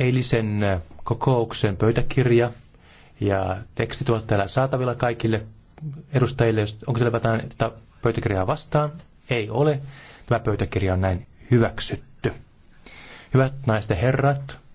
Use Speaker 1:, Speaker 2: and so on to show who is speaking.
Speaker 1: eilisen äh, kokouksen pöytäkirja ja tekstit ovat täällä saatavilla kaikille edustajille. Onko teillä jotain tätä pöytäkirjaa vastaan? Ei ole. Tämä pöytäkirja on näin hyväksytty. Hyvät naiset ja
Speaker 2: herrat,